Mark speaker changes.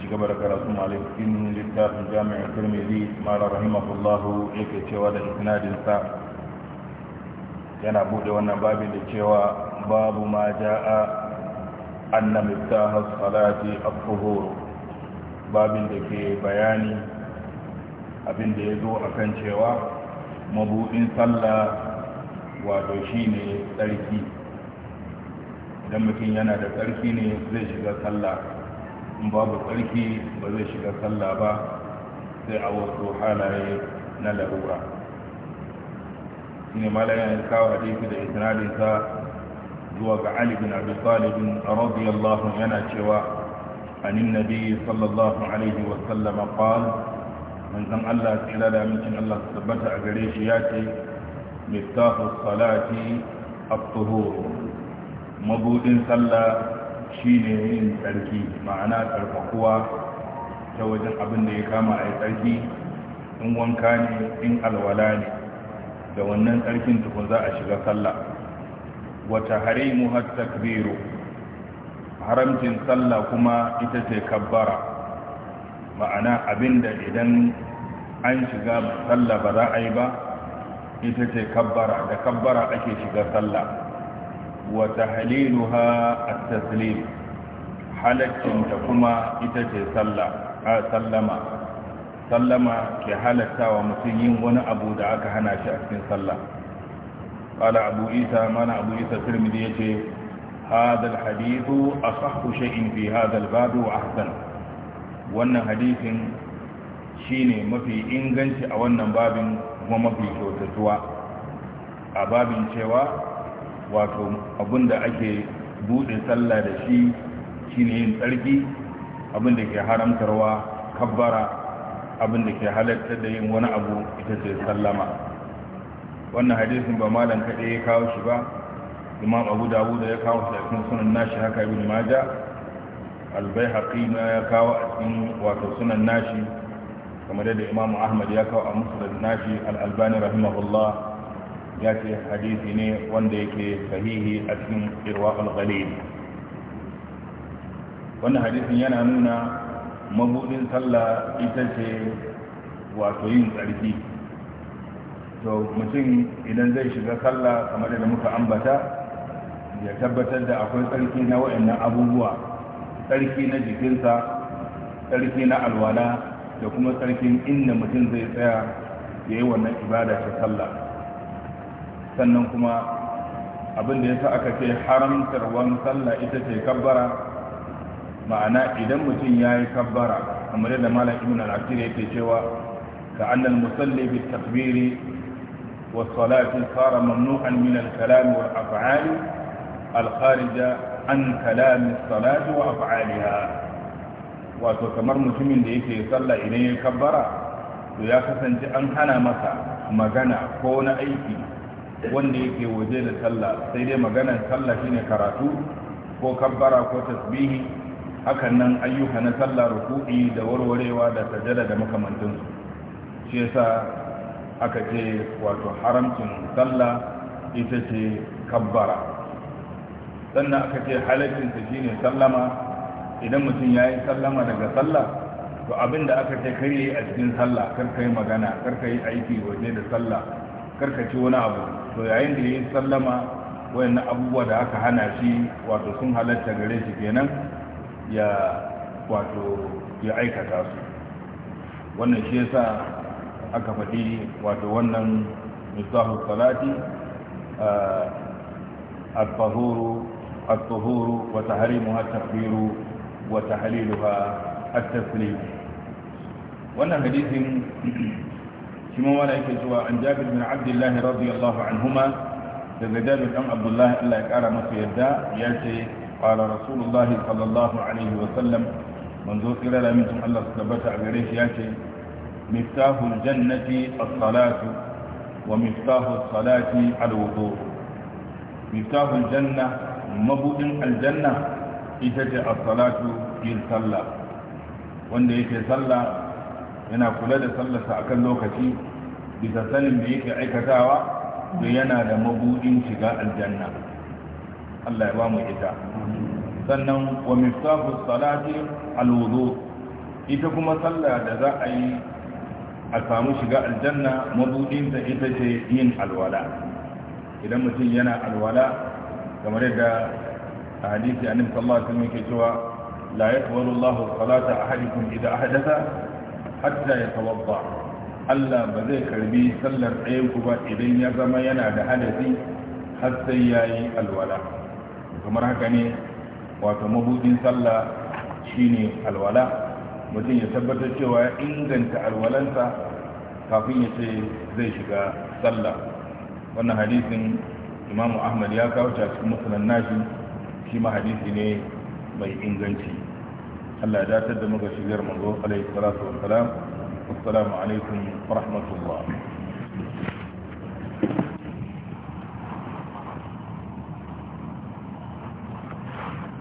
Speaker 1: ci gaba da karatu malikin littafin Jami'in turmizi mara rahimahullahu yake cewa da isnadin sa yana bude wannan babin da cewa babu ma ja'a annamin ta hasalati abubuwar babin da ke bayani abin da ya zo a kan cewa mabuɗin sallah wato shi ne tsarki don mutum yana da tsarki ne zai shiga sallah babu tsarki ba zai shiga sallah ba sai a wasu halaye na larura shine malayan ya kawo hadisi da isnadinsa zuwa ga Ali bin Abi Talib radiyallahu yana cewa عن النبي صلى الله عليه وسلم قال من زم tabbata a gare shi ya ce. ياتي Salati الصلاة الطهور مبود sallah. Shi ne yin tsarki ma'ana tsarkakuwa ta wajen abin da ya kama a yi tsarki in wanka ne in alwala ne da wannan tsarkin tukun za a shiga sallah wata harimu hatta kabiru haramcin sallah kuma ita ce kabbara ma'ana abinda idan an shiga sallah ba za a yi ba ita ce kabbara da kabbara ake shiga sallah Wata tahliluha at-taslim halaccin ta kuma ita ce sallah a sallama sallama ke halattawa mutum yin wani abu da aka hana shi a cikin sallah qala abu isa mana abu isa tirmidhi yace hadha al-hadith asahhu shay'in fi hadha al-bab wa ahsan wannan hadisin shine mafi inganci a wannan babin kuma mafi kyautatuwa a babin cewa wato abinda ake buɗe sallah da shi shine yin tsarki abinda ke haramtarwa kabbara abinda ke halatta da yin wani abu ita ce sallama wannan hadisin ba malam kaɗai ya kawo shi ba imam abu dawud ya kawo shi a cikin sunan nashi haka ibn maja albai haƙi ya kawo a cikin wato sunan nashi kamar yadda imam ahmad ya kawo a musulun nashi al'albani rahimahullah ya ce hadisi ne wanda yake sahihi a cikin irwa al wannan hadisin yana nuna mabudin sallah ita ce wato yin tsarki to mutum idan zai shiga sallah kamar da muka ambata ya tabbatar da akwai tsarki na wayannan abubuwa tsarki na jikinsa tsarki na alwala da kuma tsarkin inda mutum zai tsaya ya yi wannan ibada ta sallah sannan kuma abin da ya sa aka ce haramtar wani sallah ita ce kabbara ma'ana idan mutum ya yi kabbara kamar yadda malam ibn al-asir yake cewa ka annal musalli bi takbiri wa salati sara mamnu'an min al-kalam wal af'ali al-kharija an kalam as-salati wa af'aliha wato kamar mutumin da yake sallah idan ya kabbara to ya kasance an hana masa magana ko na aiki wanda yake waje da sallah sai dai maganar sallah shine karatu ko kabbara ko tasbihi hakan nan ayyuka na sallah ruku'i da warwarewa da sajada da makamantansu shi yasa aka ce wato haramcin sallah ita ce kabbara sannan aka ce ta shine sallama idan mutum ya yi sallama daga sallah to abin da aka ce kare a cikin sallah karka yi magana karka yi aiki waje da sallah karka ci wani abu to yayin da ya yi sallama wayan abubuwa da aka hana shi wato sun halatta gare shi kenan ya wato ya aikata su wannan shi yasa aka faɗi wato wannan misahu salati at-takbiru wa التكبير at-taslim wannan hadisin shi ma wala yake cewa an jabir bin abdullahi radiyallahu anhuma daga jabir dan abdullahi Allah ya kara masa yadda ya ce qala rasulullah sallallahu alaihi wa sallam manzo tsira da Allah su tabbata a gare shi ya ce miftahul jannati as wa miftahus salati al-wudu janna mabuɗin aljanna ita ce salatu sallah wanda yake sallah yana kula da sallarsa kan lokaci bisa sanin da yake aikatawa da yana da mabuɗin shiga aljanna Allah ya ba mu ita sannan wa miftahu salati alwudu ita kuma salla da za a yi a samu shiga aljanna mabudin ita ce yin alwala idan mutum yana alwala kamar yadda hadisi annabi sallallahu alaihi wasallam yake cewa la yaqbalu Allahu salata ahadikum idha ahdatha hatta ya tawabba Allah ba zai karbi sallar ɗayanku ba idan ya zama yana da hadasi har sai ya yi alwala kamar haka ne wato mabudin sallah ne alwala mutum ya tabbatar cewa ya inganta alwalansa kafin ya ce zai shiga sallah wannan hadisin imamu ahmad ya kawo cikin musulun nashi shi ma hadisi ne mai inganci Allah ya datar da muka shigar manzo alaihi salatu wassalam assalamu alaikum wa rahmatullah